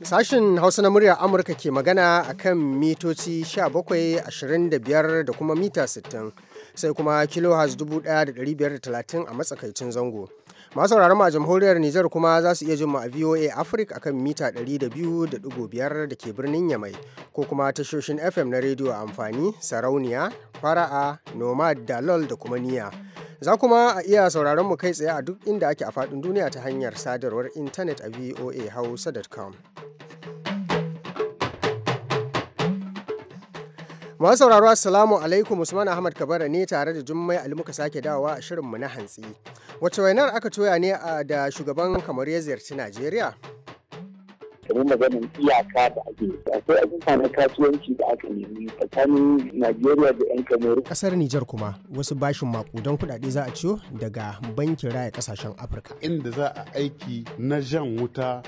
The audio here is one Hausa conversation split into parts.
Sashen Hausa na murya Amurka ke magana a kan mitoci 17,25 da kuma mita 60, sai kuma kilohaz 1,530 a matsakaicin zango. masu sauraron a jamhuriyar Nijar kuma za su iya jin mu a VOA Africa akan mita 200.5 da ke birnin Yamai ko kuma tashoshin FM na rediyo amfani sarauniya fara'a nomad dalol da kuma niya za kuma a iya sauraron mu kai tsaye a duk inda ake a faɗin duniya ta hanyar sadarwar intanet a voa hausa.com Masu sauraro Assalamu alaikum Usman Ahmad Kabara ne tare da Jummai Ali muka sake dawowa a shirin mu na hantsi. Wace wainar aka toya ne da shugaban kamar ya ziyarci Najeriya? kamar maganin iyaka da ake akwai abubuwa na kasuwanci da aka nemi tsakanin najeriya da yan kamaru kasar nijar kuma wasu bashin makudan kudade za a ciyo daga bankin raya kasashen afirka inda za a aiki na jan wuta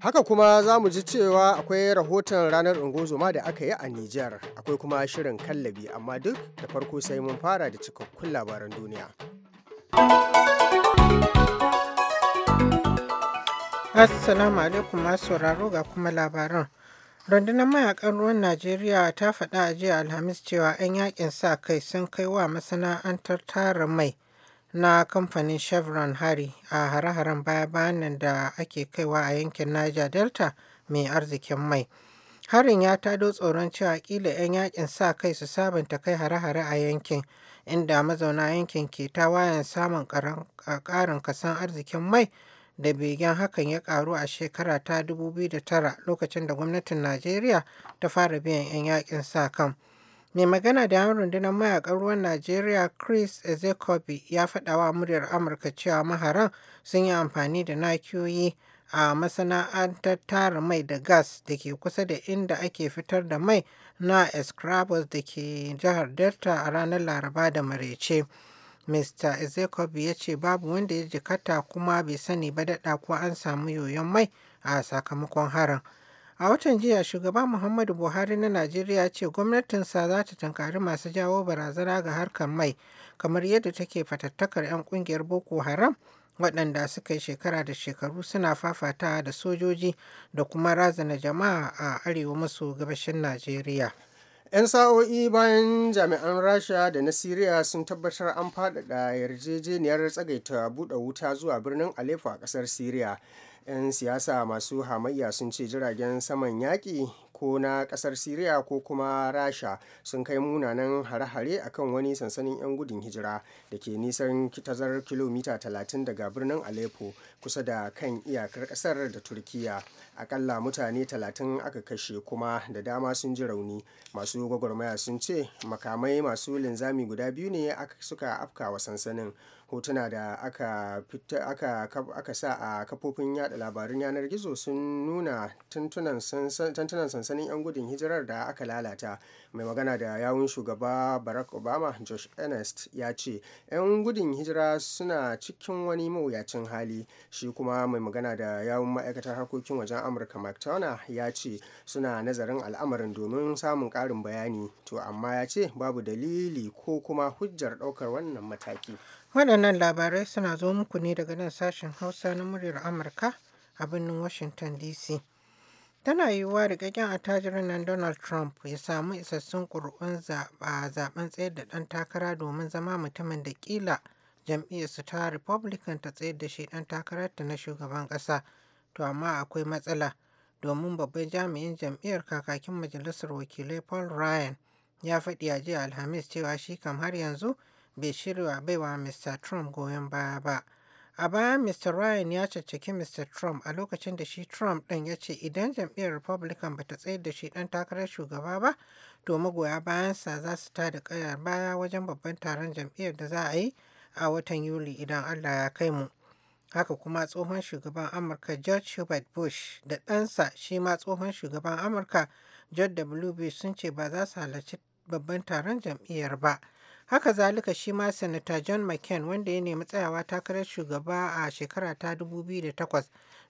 Haka kuma za mu ji cewa akwai rahoton ranar ungozoma da aka yi a Nijar, akwai kuma shirin kallabi amma duk da farko sai mun fara da cikakkun labaran duniya. Assalamu alaikum masu sauraro ga kuma labaran. Rundunar mayakan ruwan Najeriya ta faɗa a jiya Alhamis cewa 'yan yakin sa kai sun kai wa masana'antar tara mai na kamfanin Chevron hari a hare-haren baya-bayan nan da ake kaiwa a yankin Niger Delta mai arzikin mai. Harin ya tado tsoron cewa kila 'yan yakin sa kai su sabunta kai hare-hare a yankin, inda mazauna yankin ke tawayen samun ƙarin kasan arzikin mai da begen hakan ya karu a shekara ta 2009 lokacin da gwamnatin Najeriya ta fara biyan 'yan yakin sa kan. Mai magana da yawon rundunar mayakan ruwan Najeriya Chris Ezekobi ya faɗa wa muryar Amurka cewa maharan sun yi amfani da nakiyoyi a masana'antar tara mai da gas da ke kusa da inda ake fitar da mai na Escravos da ke jihar Delta a ranar Laraba da marece Mr. Ezekobi ya ce babu wanda ya jikata kuma bai sani ba daɗa ko an samu yoyon mai a sakamakon harin. A watan jiya, Shugaba Muhammadu Buhari na Najeriya ce gwamnatinsa za ta tunkari masu jawo barazana ga harkar mai, kamar yadda take fatattakar 'yan kungiyar Boko Haram waɗanda suka yi shekara da shekaru suna fafatawa da sojoji da kuma razana jama'a a arewa maso gabashin Najeriya. 'yan sa'o'i bayan jami'an rasha da na siriya sun tabbatar an faɗaɗa yarjejeniyar tsagaita buɗe wuta zuwa birnin aleppo a ƙasar siriya 'yan siyasa masu hamayya sun ce jiragen saman yaƙi ko na ƙasar siriya ko kuma rasha sun kai munanan hare-hare akan wani sansanin 'yan gudun hijira da ke nisan tazar kilomita 30 daga birnin alepo kusa da kan iyakar ƙasar da turkiya akalla mutane 30 aka kashe kuma da dama sun ji rauni masu gwagwarmaya sun ce makamai masu linzami guda biyu ne suka afkawa sansanin hotuna da aka, sa a kafofin yada labarun yanar gizo sun nuna tantunan sansanin 'yan gudun hijirar da aka lalata mai magana da yawun shugaba barack obama josh ernest ya ce 'yan gudun hijira suna cikin wani mawuyacin hali shi kuma mai magana da yawun ma'aikatar harkokin wajen amurka mike ya ce suna nazarin al'amarin domin samun ƙarin bayani to amma ya ce babu dalili ko kuma hujjar ɗaukar wannan mataki waɗannan labarai suna zo muku ne daga nan sashen hausa na muryar amurka a birnin washington dc Tana yiwuwa rikakken attajirin nan Donald Trump ya samu isassun kuri'un a zaben tsayar da ɗan takara domin zama mutumin da ƙila jam'iyyarsu ta Republican ta tsayar da shi ɗan takararta na shugaban ƙasa. To amma akwai matsala domin babban jami'in jam'iyyar kakakin majalisar wakilai Paul Ryan ya faɗi a jiya Alhamis cewa shi kam har yanzu bai shirya baiwa Mr. Trump goyon baya ba. A baya Mr. Ryan ya caccaki Mr. Trump a lokacin da shi Trump ɗin ya ce idan jam'iyyar Republican ba ta tsayar da shi ɗan takarar shugaba ba, to magoya bayansa za su ta da ƙayar baya wajen babban taron jam'iyyar da za a yi a watan Yuli idan Allah ya kai mu. Haka kuma tsohon shugaban Amurka George Hubert Bush da ɗansa shi ma tsohon shugaban Amurka George W. Bush sun ce ba za su halarci babban taron jam'iyyar ba. Haka zalika shi ma Sanata John McCain wanda ya nemi tsayawa takarar shugaba a shekara ta 2008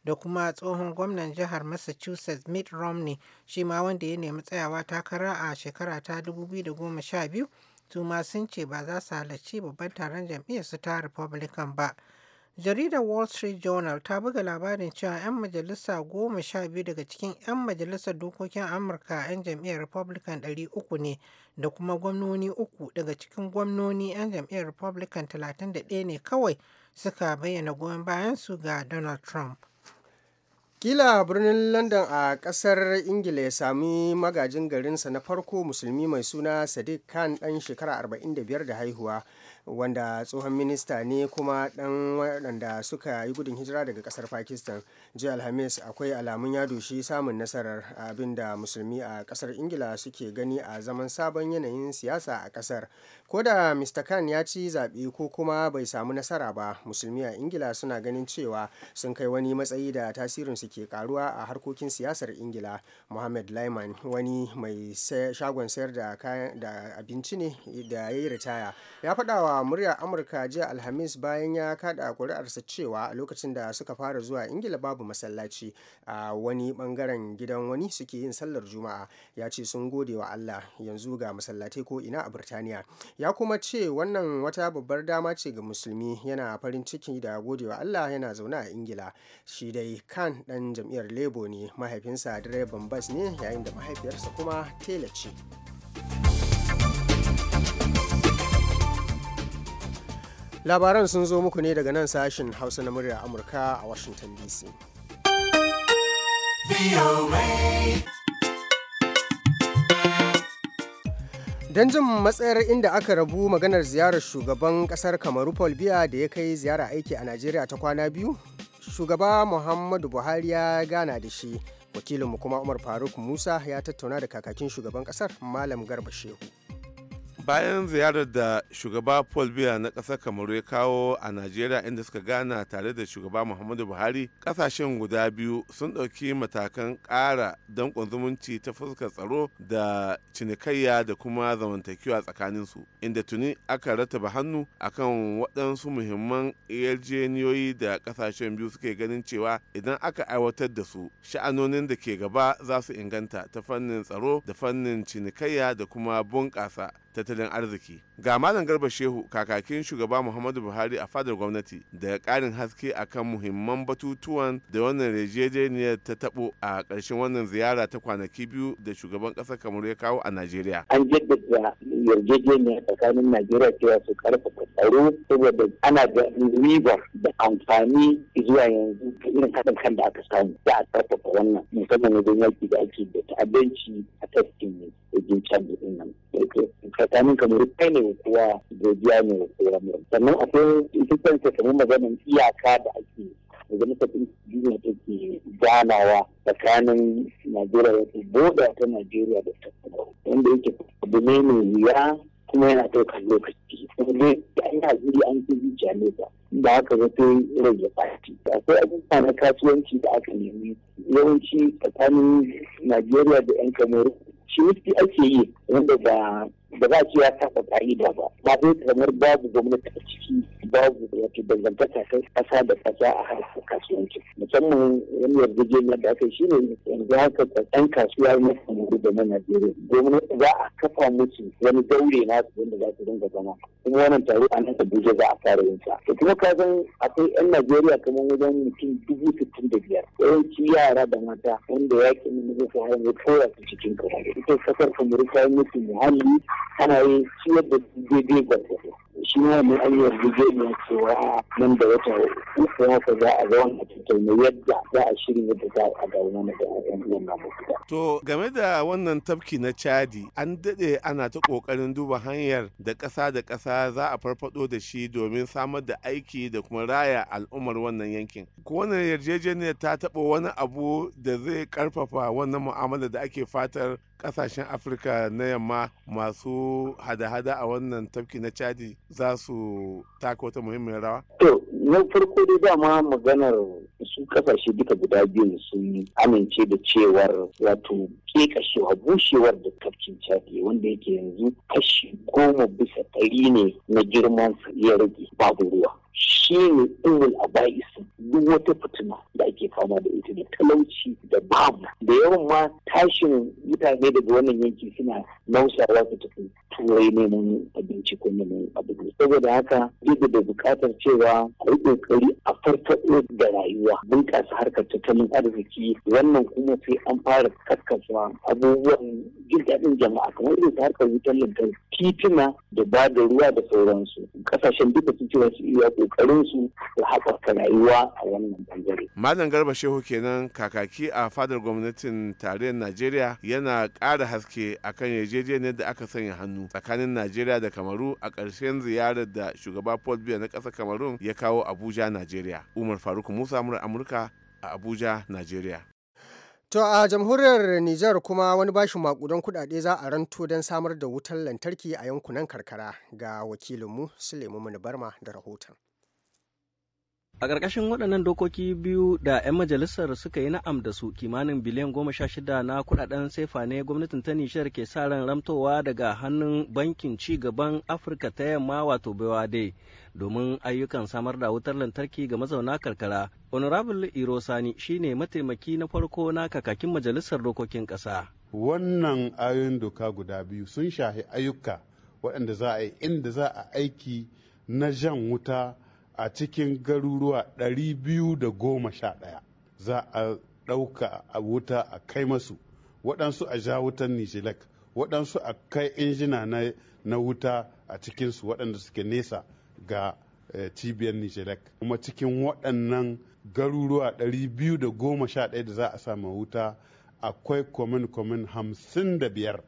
da kuma tsohon gwamnan jihar Massachusetts Mitt Romney shi ma wanda ya nemi tsayawa takara a shekara ta 2012 su ma sun ce ba za su halarci babban taron su ta Republican ba. Jaridar Wall Street Journal ta buga labarin cewa 'yan majalisa goma sha biyu daga cikin 'yan majalisar dokokin Amurka 'yan jam'iyyar Republican ɗari uku ne da kuma gwamnoni uku daga cikin gwamnoni 'yan jam'iyyar Republican talatin da ɗaya ne kawai suka bayyana goyon bayan su ga Donald Trump. Kila birnin London a kasar Ingila ya sami magajin garinsa na farko musulmi mai suna Sadiq Khan ɗan shekara 45 da haihuwa. wanda tsohon minista ne kuma ɗan waɗanda suka yi gudun hijira daga ƙasar pakistan jiya alhamis akwai alamun ya shi samun nasarar abin da musulmi a ƙasar ingila suke gani a zaman sabon yanayin siyasa a ƙasar ko da mr khan ya ci zaɓe ko kuma bai samu nasara ba musulmi a ingila suna ganin cewa sun kai wani matsayi da tasirin su ke karuwa a harkokin siyasar ingila muhammad laiman wani mai shagon sayar da abinci ne da ya yi ritaya ya faɗawa murya muryar amurka jiya alhamis bayan ya kada kuri'arsa cewa a lokacin da suka fara zuwa ingila babu masallaci a wani bangaren gidan wani suke yin sallar juma'a ya ce sun gode wa allah yanzu ga masallatai ko ina a birtaniya ya kuma ce wannan wata babbar dama ce ga musulmi yana farin ciki da gode wa allah yana zaune a ingila shi dai kan dan jam'iyyar labour ne mahaifinsa direban bas ne yayin da mahaifiyarsa kuma tela ce. labaran sun zo muku ne daga nan sashen hausa na murya amurka a washington dc don jin matsayar inda aka rabu maganar ziyarar shugaban kasar kamaru paul biya da ya kai ziyara aiki a najeriya ta kwana biyu shugaba muhammadu buhari ya gana da shi wakilinmu kuma umar faruk musa ya tattauna da kakakin shugaban kasar malam garba shehu bayan ziyarar da shugaba paul biya na ƙasar kamaru ya kawo a najeriya inda suka gana tare da shugaba muhammadu buhari ƙasashen guda biyu sun ɗauki matakan ƙara danƙon zumunci ta fuskar tsaro da cinikayya da kuma zamantakewa tsakaninsu inda tuni aka rattaba hannu akan waɗansu muhimman yarjeniyoyi da ƙasashen biyu suke ganin cewa idan aka aiwatar da su sha'anonin da ke gaba za su inganta ta fannin tsaro da fannin cinikayya da kuma bunƙasa tattalin arziki ga malam garba shehu kakakin shugaba muhammadu buhari a fadar gwamnati da karin haske akan muhimman batutuwan da wannan rejejeniyar ta tabo a ƙarshen wannan ziyara ta kwanaki biyu da shugaban ƙasar kamar ya kawo a najeriya an jaddada yarjejeniya tsakanin najeriya cewa su karfafa tsaro saboda ana da riba da amfani zuwa yanzu irin haɗin kan da aka samu za a karfafa wannan musamman wajen yaki da ake da ta'addanci a tafkin wajen canji din nan tsakanin kamar kai ne kuwa godiya ne sauran sannan akwai ita kanta kamar maganin iyaka da ake da mutakin duniya take ganawa tsakanin najeriya da boda ta najeriya da ta wanda yake abu ne mai kuma yana ɗaukar lokaci kuma da an haziri an fi zuciya Ba da haka ba sai rage fati akwai abubuwa na kasuwanci da aka nemi yawanci tsakanin najeriya da yan kamaru ciniki ake yi wanda ba za a ce ya kafa ka'ida ba ba sai kamar babu gwamnati a ciki babu wato dangantaka kai kasa da kasa a harkar kasuwanci musamman wani yarjejeniya da aka yi shine yanzu haka ɗan kasuwa na kamar da na Najeriya domin za a kafa musu wani daure na su wanda za su dinga zama kuma wannan taro a haka Abuja za a fara yin sa to kuma ka akwai 'yan Najeriya kamar wajen mutum dubu sittin da biyar yawanci yara da mata wanda yakin na zai fara ya koya su cikin kasa ita kasar kamar ta musu muhalli ana yin ciyar da daidai gwargwado shi ma mai an mai cewa nan da wata uku haka za a zauna tattauna yadda za a shirya da za a dawo mana da uwan na mafita. To game da wannan tafki na Chadi an daɗe ana ta ƙoƙarin duba hanyar da ƙasa da ƙasa za a farfaɗo da shi domin samar da aiki da kuma raya al'ummar wannan yankin. Ko wannan yarjejeniyar ta taɓa wani abu da zai ƙarfafa wannan mu'amala da ake fatar kasashen afirka na yamma masu hada-hada a wannan tafki na chadi za su taka wata muhimmin rawa? to na farko dai dama maganar su kasashe duka guda biyun sun amince da cewar wato kekashewa bushewar da tafkin chadi wanda yake yanzu kashi goma bisa ɗari ne na girman ya rage babu ruwa shi ne ɗin aba'isu duk wata fitina da ake fama da ita da talauci da babu da yawan ma tashin mutane daga wannan yanki suna nausawa su tafi turai neman abinci ko neman abinci saboda haka duk da bukatar cewa a kokari a farfaɗo da rayuwa bunƙasa harkar tattalin arziki wannan kuma sai an fara kaskasa abubuwan jin daɗin jama'a kamar irin harkar wutar lantarki tituna da ba da ruwa da sauransu kasashen duka sun ce wasu iya kokarin su su haɓaka rayuwa a wannan bangare malam garba shehu kenan kakaki a fadar gwamnatin tarayyar najeriya yana kara haske akan yarjejeniyar da aka sanya hannu tsakanin najeriya da kamaru a ƙarshen ziyarar da shugaba paul biya na ƙasar kamarun ya kawo abuja najeriya umar faruk musa mura amurka a abuja najeriya To a jamhuriyar Nijar kuma wani bashin makudan kudade za a ranto don samar da wutar lantarki a yankunan karkara ga wakilinmu Suleiman Barma da rahoton. A ƙarƙashin waɗannan dokoki biyu da 'yan majalisar suka yi na'am da su kimanin biliyan goma sha shida na kuɗaɗen sefa ne gwamnatin ta Nishar ke sa ran ramtowa daga hannun bankin ci gaban Afirka ta yamma wato dai e, domin ayyukan samar da wutar lantarki ga mazauna karkara. Honorable Iro Sani shine mataimaki na farko na kakakin majalisar dokokin ƙasa. Wannan ayoyin doka guda biyu sun shahi ayyuka waɗanda za a yi inda za a aiki na jan wuta a cikin garuruwa 211 za a ɗauka a wuta a kai masu waɗansu a ja wutan nijilek waɗansu a kai injina na wuta a cikinsu waɗanda suke nesa ga eh, cibiyar nijilek kuma cikin waɗannan garuruwa 211 da za a samu wuta akwai kwamin-kwamin 55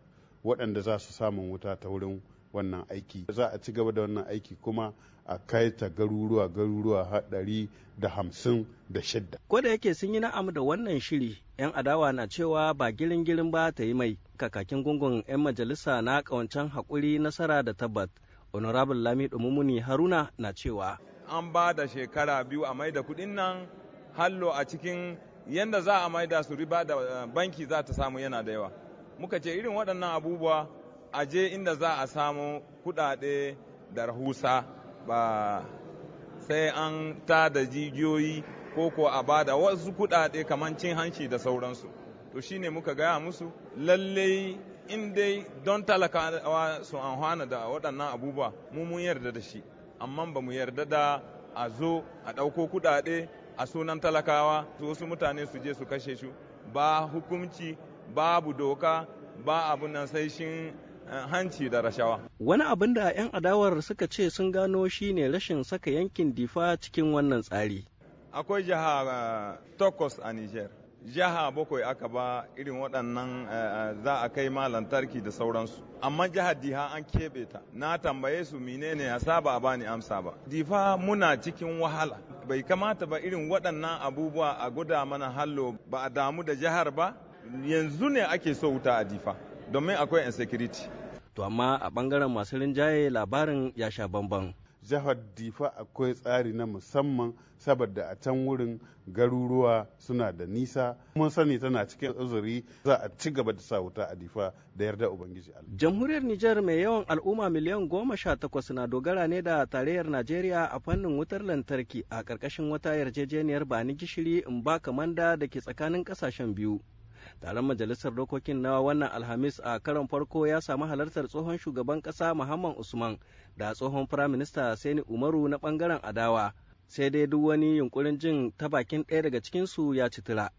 waɗanda za su samun wuta ta wurin wannan aiki za a ci gaba da wannan aiki kuma a kai ta garuruwa garuruwa haɗari da hamsin da shidda. Ko da yake sun yi na'am da wannan shiri, 'yan adawa na cewa ba girin girin ba ta yi mai kakakin gungun 'yan majalisa na ƙawancen haƙuri nasara da tabbat. Honorable Lami Dumumuni Haruna na cewa. An ba da shekara biyu a maida kuɗin nan hallo a cikin yadda za a maida su riba da eh, banki za ta samu yana da yawa. Muka ce irin waɗannan abubuwa a je inda za a samu kuɗaɗe da rahusa ba sai an ta da jijiyoyi ko ko a bada wasu kuɗaɗe kamar cin hanci da sauransu to shine muka gaya musu lallai in dai don talakawa su hana da waɗannan abubuwa mu mun yarda da shi amma ba mu yarda da a zo a ɗauko kuɗaɗe a sunan talakawa su wasu mutane su je su kashe su ba hukunci babu doka ba abu nan sai shin hanci da rashawa. Wani abin da 'yan adawar suka ce sun gano shi ne rashin saka yankin difa cikin wannan tsari. Akwai jiha eh, Tokos a Nijar, Jiha bakwai aka ba irin waɗannan eh, eh, za a kai ma lantarki da sauransu. Amma jihar Diha an keɓe ta. Na tambaye su menene ya saba a bani amsa ba. Difa muna cikin wahala. Bai kamata ba irin waɗannan abubuwa a guda mana hallo ba a damu da jihar ba. Yanzu ne ake so wuta a difa. domin akwai insecurity to amma a bangaren masu rinjaye labarin ya sha bamban jihar difa akwai tsari na musamman saboda a can wurin garuruwa suna da nisa mun sani tana cikin uzuri za a ci gaba da sa wuta a difa da yarda ubangiji jamhuriyar nijar mai yawan al'umma miliyan goma sha takwas na dogara ne da tarayyar najeriya a fannin wutar lantarki a ƙarƙashin wata yarjejeniyar bani gishiri in ba kamanda da ke tsakanin ƙasashen biyu Taron majalisar dokokin na wannan Alhamis a karon farko ya samu halartar tsohon shugaban kasa Muhammad Usman da tsohon firaminista Sani Umaru na bangaren adawa. Sai dai duk wani yunkurin jin ta bakin ɗaya daga cikinsu ya citira.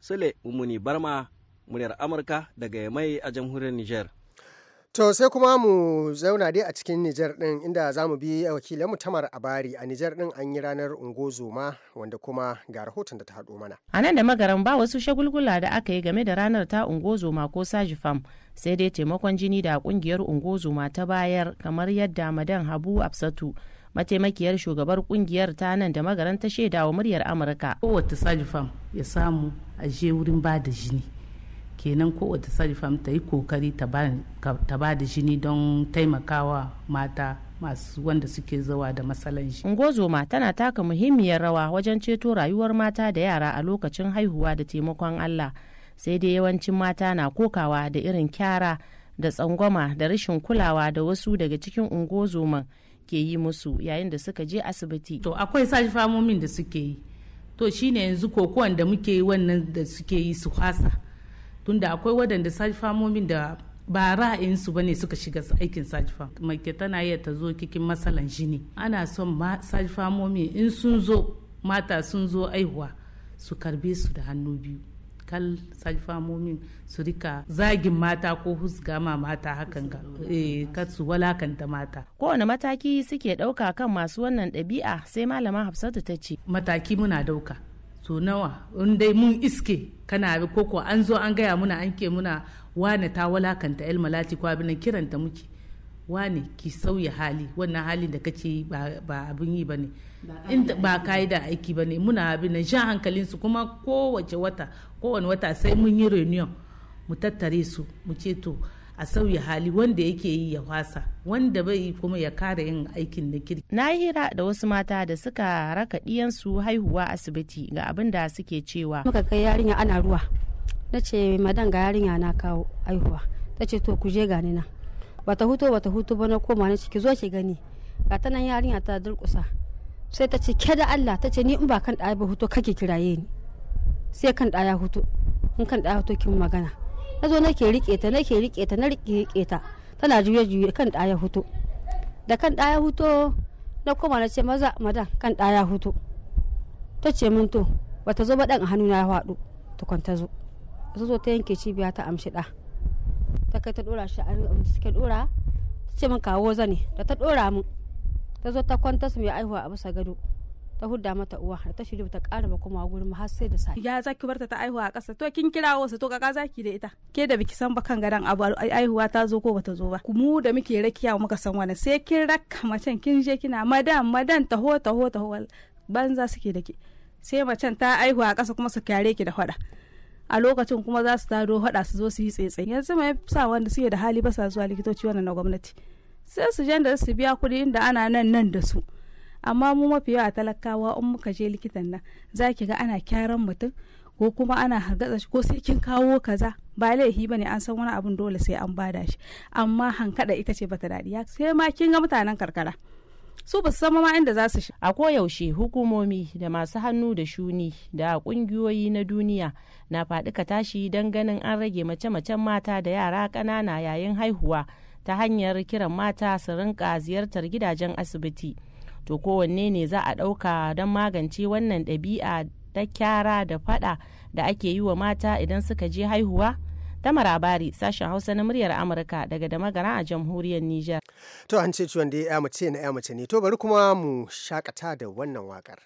Sule Umuni Barma, muryar Amurka daga mai a jamhuriyar niger. To sai kuma mu zauna dai a cikin Nijar ɗin inda za mu bi wakilanmu Tamar Abari a Nijar ɗin an yi ranar Ungozoma wanda kuma ga rahoton da ta haɗo mana. A nan da magaran ba wasu shagulgula da aka yi game da ranar ta Ungozoma ko Sajifam sai dai taimakon jini da ƙungiyar Ungozoma ta bayar kamar yadda Madan Habu Absatu mataimakiyar shugabar kungiyar ta nan da magaran ta shaida wa muryar Amurka. Kowace Sajifam ya samu a je wurin ba da jini. kenan wata sarifam ta yi kokari ta ba da jini don taimakawa mata masu wanda suke zawa da matsalan shi. Ungozoma tana taka muhimmiyar rawa wajen ceto rayuwar mata da yara a lokacin haihuwa da taimakon Allah. Sai dai yawancin mata na kokawa da irin kyara da tsangwama da rashin kulawa da wasu daga cikin ungozoma ke yi musu yayin da suka je asibiti. To akwai sashi da suke yi. To shine yanzu kokowan da muke yi wannan da suke yi su hasa. tunda akwai waɗanda saji da ba ra'ayinsu bane suka shiga aikin sajifa mace tana iya ta zo cikin matsalan jini ana son sajifamomi in sun zo mata sun zo aihuwa su karbe su da hannu biyu kal sajifamomin su rika zagin mata ko husga ma mata hakan ga eh, kar su walakanta mata kowane mataki suke ɗauka kan masu wannan ɗabi'a sai malama hafsatu ta ce mataki muna ɗauka to nawa in dai mun iske kana bi koko an zo an gaya muna an ke muna wane ta walakanta el malati ko abin kiranta muke wane ki sauya hali wannan halin da kace ba abin yi bane ba ka'ida aiki bane muna abin nan hankalin su kuma kowace wata kowane wata sai mun yi reunion mu tattare su mu ce to a sauya hali wanda yake yi ya wasa wanda bai yi kuma ya kare yin aikin na kirki. Na hira da wasu mata da suka raka ɗiyansu haihuwa asibiti ga abin da suke cewa. Muka kai yarinya ana ruwa. Na ce madan ga yarinya na kawo haihuwa. Ta ce to ku je gani na. Bata huto bata huto ba na koma na ciki zo ki gani. Ga ta nan yarinya ta durƙusa. Sai ta ce ke da Allah ta ce ni in ba kan ɗaya ba huto kake kiraye ni. Sai kan ɗaya huto. In kan ɗaya huto kin magana. na zo nake rike ta nake rike ta na rike rike ta tana juye juye kan ɗaya hutu da kan ɗaya hutu na koma na ce maza madan kan ɗaya hutu ta ce min to bata zo ba dan a hannu na faɗo tukun ta zo ta zo ta yanke cibiya ta amshi ɗa ta kai ta ɗora shi a suke dora ta ce min kawo zane da ta ɗora mu ta zo ta kwanta su mai aihuwa a bisa gado ta hudda mata uwa da ta shirya ta ƙara ba kuma gurin har sai da sai ya zaki barta ta aihuwa a kasa to kin kira wasu to kaka zaki da ita ke da biki san ba kan gadan abu aihuwa ta zo ko bata zo ba mu da muke rakiya muka san wani sai kin rakka macen kin je kina madan madan taho taho taho banza suke da ke sai macen ta aihuwa a ƙasa kuma su kyare ki da fada a lokacin kuma za su taro faɗa su zo su yi tsetse yanzu mai sa wanda suke da hali ba sa zuwa likitoci wannan na gwamnati sai su janda da su biya kuɗi inda ana nan nan da su amma mu mafi yawa talakawa in muka je likitan nan za ki ga ana kyaran mutum ko kuma ana hargatsa shi ko sai kin kawo kaza ba laifi bane an san wani abun dole sai an bada shi amma hankada ita ce bata daɗi sai ma kin ga mutanen karkara su ba su san ma inda za su shi. A koyaushe hukumomi da masu hannu da shuni da kungiyoyi na duniya na faɗika tashi don ganin an rage mace-macen mata da yara ƙanana yayin haihuwa ta hanyar kiran mata su rinka ziyartar gidajen asibiti. to kowanne ne za a ɗauka don magance wannan ɗabi'a ta kyara da faɗa da ake yi wa mata idan suka je haihuwa Tamar Abari sashen Hausa na muryar Amurka daga magana a jamhuriyar Nijar. To an ce ciwon da ya mace na ya mace ne to bari kuma mu shakata da wannan wakar.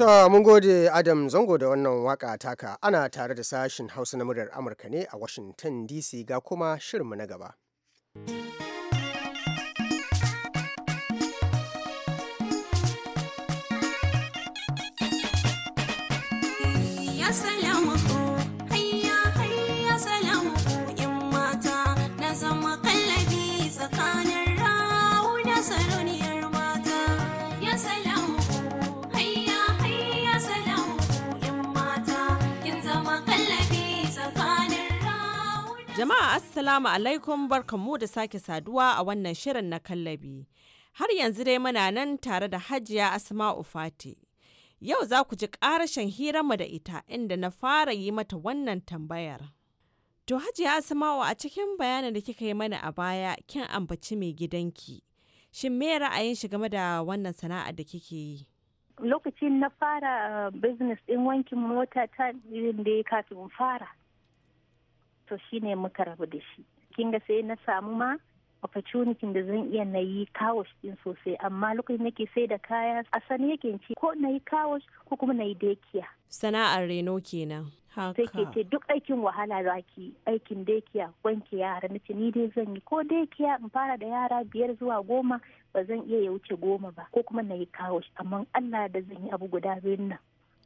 To mun gode Adam Zango da wannan waka taka ana tare da sashin Hausa na muryar Amurka ne a Washington DC ga kuma shirinmu na gaba. Ya Jama'a Assalamu alaikum barkanmu da sake saduwa a wannan shirin na kallabi. Har yanzu dai muna nan tare da Hajiya Asma'u Fati. Yau za ku ji ƙarashin hiranmu da ita inda na fara yi mata wannan tambayar. To Hajiya Asma'u a cikin bayanin da kika yi mana a baya kin ambaci mai gidanki. Shin me ra'ayin shi game da wannan sana'a da kike yi? Lokacin na fara eh, business ɗin wankin mota ta da ya kafin fara. to shine muka rabu da shi kin ga sai na samu ma opportunity da zan iya na yi kawash din sosai amma lokacin nake sai da kaya a sani yake ci ko na yi kawash ko kuma na yi dekiya sana'ar reno kenan sai ke ce duk aikin wahala za ki aikin dekiya wanke yara na ce ni dai zan yi ko dekiya in fara da yara biyar zuwa goma ba zan iya ya wuce goma ba ko kuma na yi kawash amma allah da zan yi abu guda biyun nan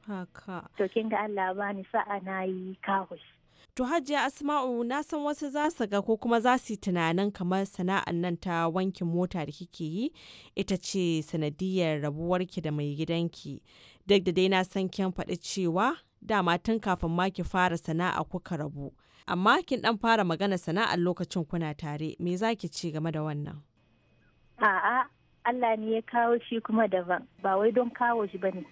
haka to kin ga allah ba ni sa'a na yi kawash To hajiya Asma'u na san wasu za su ga ko kuma za su yi tunanin kamar sana'an nan ta wankin mota da kike yi ita ce sanadiyar rabuwarki da mai gidanki. Duk da dai na san kin faɗi cewa dama tun kafin ma ki fara sana'a kuka rabu. Amma kin ɗan fara magana sana'ar lokacin kuna tare me za ki ce game da wannan? A'a Allah ne ya kawo shi kuma daban ba wai don kawo shi bane.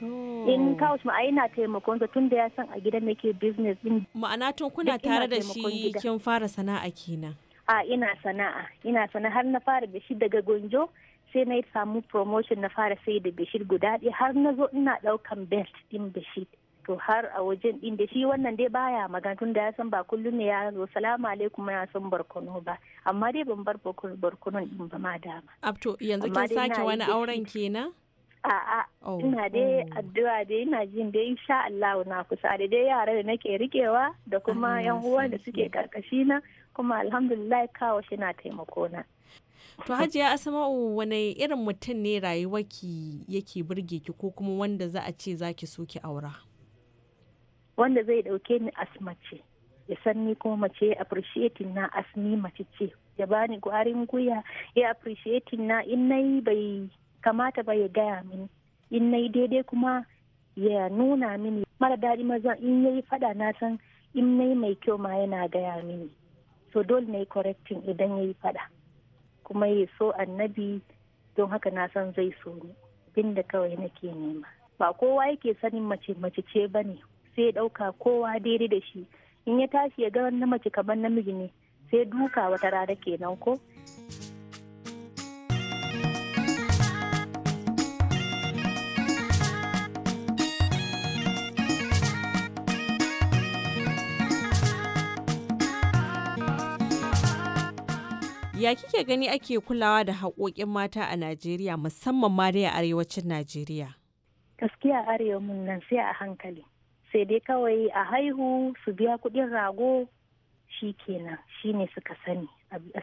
in kawo shi ma'ai na taimakon sa tun da ya san a gidan nake business din ma'ana tun kuna tare da shi kin fara sana'a kenan a ina sana'a ina sana'a har na fara da shi daga gonjo sai na samu promotion na fara sai da bishir guda ɗaya har na zo ina ɗaukan belt ɗin bishir to har a wajen din da shi wannan dai baya magana tun da ya san ba kullum ne ya zo salamu alaikum ya san barkono ba amma dai ban bar barkonon din ba ma dama. abto yanzu kin sake wani auren kenan? A'a, oh, ina oh. dai addu'a dai ina jin dai insha Allah na kusa da dai yara da nake rikewa da kuma ah, yan uwa da suke karkashi na kuma alhamdulillah kawo shi na taimako na. To Hajiya Asma'u wani irin mutum ne rayuwarki yake burge ki ko kuma wanda za a ce zaki so ki aura? Wanda zai dauke ni asmace. ya san ni kuma mace appreciate na asmi mace ce ya bani gwarin guya ya appreciate na in nayi bai kamata ba ya gaya mini in na yi daidai kuma ya nuna mini mara daɗi mazan in ya yi faɗa na san in na yi mai kyau ma yana gaya mini so dole na yi correcting idan ya yi faɗa kuma ya so annabi don haka na san zai so ni binda kawai nake nema ba kowa yake sanin mace mace ce ba ne sai ya ɗauka kowa daidai da shi in ya tashi ya ga wani mace kamar namiji ne sai duka wata rana kenan ko Ya kike gani ake kulawa da haƙoƙin mata a Najeriya musamman ma dai a arewacin Najeriya? Gaskiya arewa mun nan sai a hankali. Sai dai kawai a haihu su biya kuɗin rago shi kenan shi ne suka sani.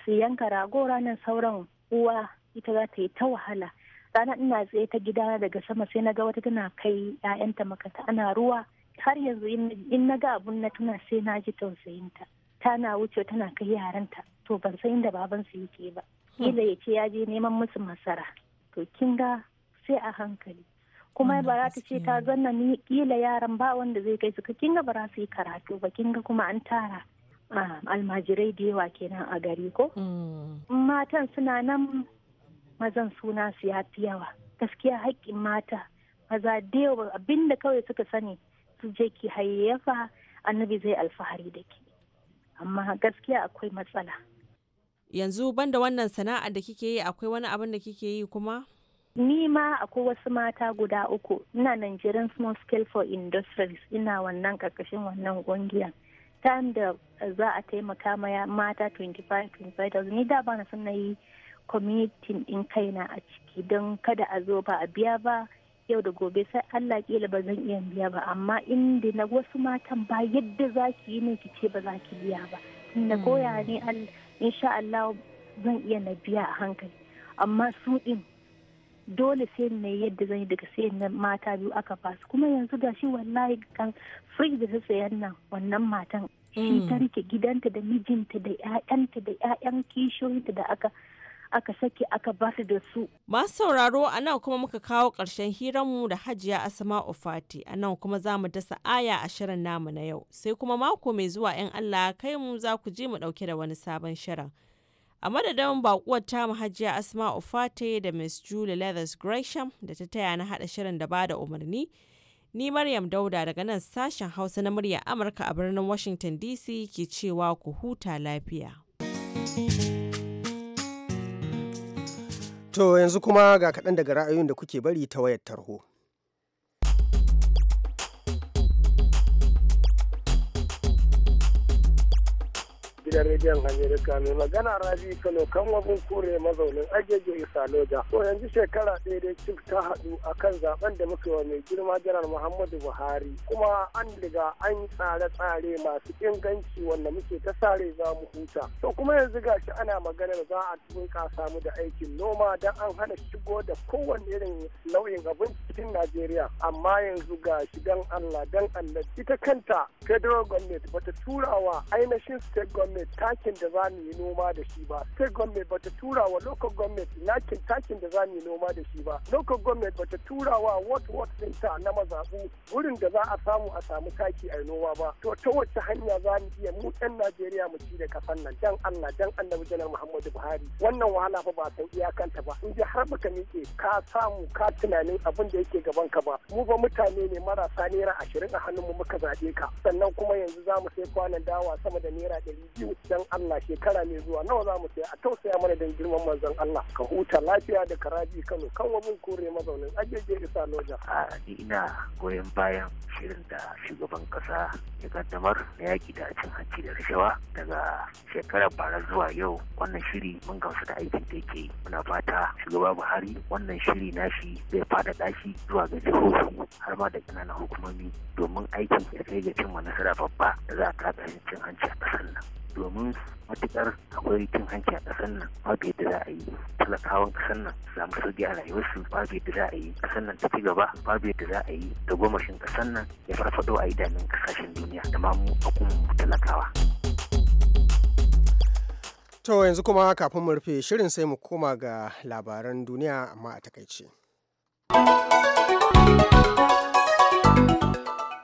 Sai yanka rago ranar sauran uwa ita za ta yi ta wahala. rana ina tsaye ta gida daga sama sai na ga wata tana kai 'ya'yanta makanta ana ruwa. Har yanzu in na ga abun na tuna sai na ji tausayinta. tana wuce tana kai yaranta to ban san inda babansu yake ba kila ya ce ya je neman musu masara to kin ga sai a hankali kuma ba za ta ce ta zanna ni kila yaran ba wanda zai kai su ka kinga ba za su yi karatu ba kinga kuma an tara almajirai da yawa kenan a gari ko hmm. matan suna nan mazan suna su ya fi yawa gaskiya haƙƙin mata maza da yawa abinda kawai suka sani su je ki hayyafa annabi zai alfahari da ke amma gaskiya akwai matsala yanzu banda wannan sana'a da kike yi akwai wani abin da kike yi kuma ni ma akwai wasu mata guda uku ina Nigerian Small Scale for Industries ina wannan karkashin wannan gungiya. ta da za a taimaka ma mata 25-25,000 ni da ba na son na yi community din kaina a ciki don kada a zo ba a biya ba yau da gobe sai Allah kila ba zan iya biya ba amma inda na wasu matan ba yadda za ki yi ne ki ce ba za ki biya ba na koya ne insha Allah zan iya na biya a hankali amma su din dole sai na yadda zan yi daga sai na mata biyu aka basu kuma yanzu shi wallahi kan free da ta sayan nan wannan matan shi ta mm. gidanta da mijinta da 'ya'yanta da 'ya'yan kishiyoyinta da aka aka sake aka da su. Masu sauraro a nan kuma muka kawo ƙarshen hiranmu da hajiya asama Fati a nan kuma za mu dasa aya a shirin namu na yau sai kuma mako mai zuwa 'yan Allah kai mu za ku je mu ɗauke da wani sabon shirin. A madadin bakuwar mu hajiya asama Fati da Miss Julie Leathers Gresham da ta taya na haɗa shirin da ba da umarni. Ni Maryam Dauda daga nan sashen Hausa na murya Amurka a birnin Washington DC ke cewa ku huta lafiya. thank you To yanzu kuma ga kaɗan daga ra'ayoyin da kuke bari ta wayar tarho. gidan rediyon Amerika mai magana Rabi Kano kan wabin kure mazaunin agege Isa Loja. To yanzu shekara ɗaya dai cif ta haɗu kan zaben da muka wa mai girma janar Muhammadu Buhari kuma an riga an tsare-tsare masu inganci wanda muke ta sare za mu huta. To kuma yanzu gashi ana maganar za a bunƙasa samu da aikin noma don an hana shigo da kowanne irin nau'in abinci cikin Najeriya amma yanzu ga shi dan Allah dan Allah ita kanta federal government bata tura wa ainihin state government gwamnati takin da za mu yi noma da shi ba state gwamnati ta tura wa local gwamnati lakin takin da za mu yi noma da shi ba local gwamnati ta tura wa what what center na mazaɓu wurin da za a samu a samu taki a noma ba to ta wacce hanya za mu iya mu ɗan najeriya mu ci da kasan nan dan allah dan annabi janar muhammadu buhari wannan wahala fa ba san iyakanta ba in ji har baka miƙe ka samu ka tunanin abin da yake gaban ka ba mu ba mutane ne marasa naira ashirin a hannun mu muka zaɓe ka sannan kuma yanzu za mu sai kwanan dawa sama da naira ɗari biyu dan Allah shekara mai zuwa nawa za mu sai a tausaya mana dan girman manzon Allah ka huta lafiya da karaji Kano kan wabin kore mazaunin ajeje isa loja. A ni ina goyon bayan shirin da shugaban kasa ya kaddamar na yaki da cin hanci da rashawa daga shekarar bara zuwa yau wannan shiri mun gamsu da aikin da yake muna fata shugaba Buhari wannan shiri nashi zai faɗaɗa shi zuwa ga jihohi har ma da ƙananan hukumomi domin aikin ya kai ga cimma nasara babba da za a kaka cin hanci a ƙasar nan. domin matukar akwai cin hanci a ƙasar nan babu yadda za a yi talakawan ƙasar nan samu sauki a rayuwarsu babu yadda za a yi ƙasar nan ta ci gaba babu yadda za a yi da gomashin ƙasar nan ya farfaɗo a idanun ƙasashen duniya da ma mu a kuma talakawa. To yanzu kuma kafin mu rufe shirin sai mu koma ga labaran duniya amma a takaice.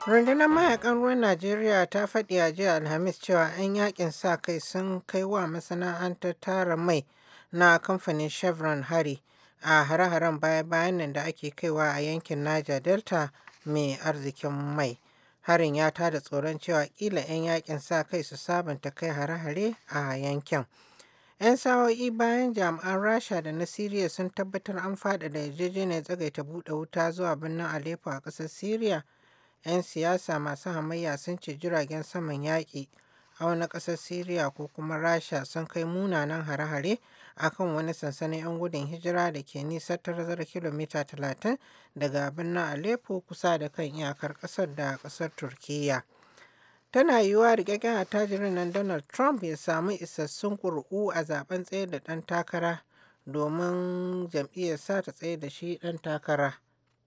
Rundunar mayakan ruwan Najeriya ta faɗi a jiya Alhamis cewa 'yan yakin sa kai sun kai wa masana'antar tara mai na kamfanin Chevron hari a hare-haren baya-bayan nan da ake kaiwa a yankin Niger Delta mai arzikin mai. Harin ya tada tsoron cewa kila 'yan yakin sa kai su sabunta kai hare-hare a yankin. 'Yan sa'o'i bayan jami'an Rasha da na Siriya sun tabbatar an da yarjejeniyar tsagaita buɗe wuta zuwa birnin Aleppo a ƙasar Siriya. 'yan siyasa masu hamayya sun ci jiragen saman yaƙi a wani ƙasar Siriya ko kuma Rasha sun kai munanan hare-hare a kan wani sansanin 'yan gudun hijira da ke nisa tarzar kilomita 30 daga birnin Aleppo kusa da kan iyakar ƙasar da ƙasar Turkiyya. Tana yiwuwa rikakken attajirin nan Donald Trump ya samu isassun ƙuri'u a zaben tsaye da ɗan takara domin jam'iyyarsa ta tsaye da shi ɗan takara.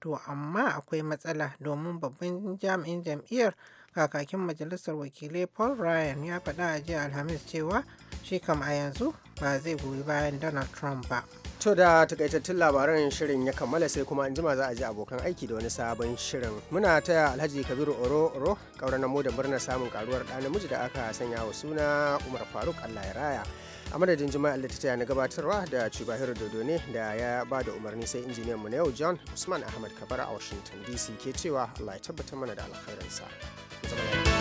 To amma akwai matsala domin babban jami'in jam'iyyar kakakin majalisar wakilai Paul Ryan ya faɗa a jiya Alhamis cewa shi kam a yanzu ba zai goyi bayan Donald Trump ba. To da takaitattun labaran shirin ya kammala sai kuma an jima za a je abokan aiki da wani sabon shirin. Muna taya Alhaji Kabiru Oro Oro kauran mu da murnar samun karuwar ɗa namiji da aka sanya wa suna Umar Faruk Allah ya raya. a madadin jima'a da ta na gabatarwa da cibahiru dodo ne da ya ba da umarni sai injiniyan mu na yau john usman ahmad kabara a washington dc ke cewa allah ya tabbatar mana da alkhairinsa.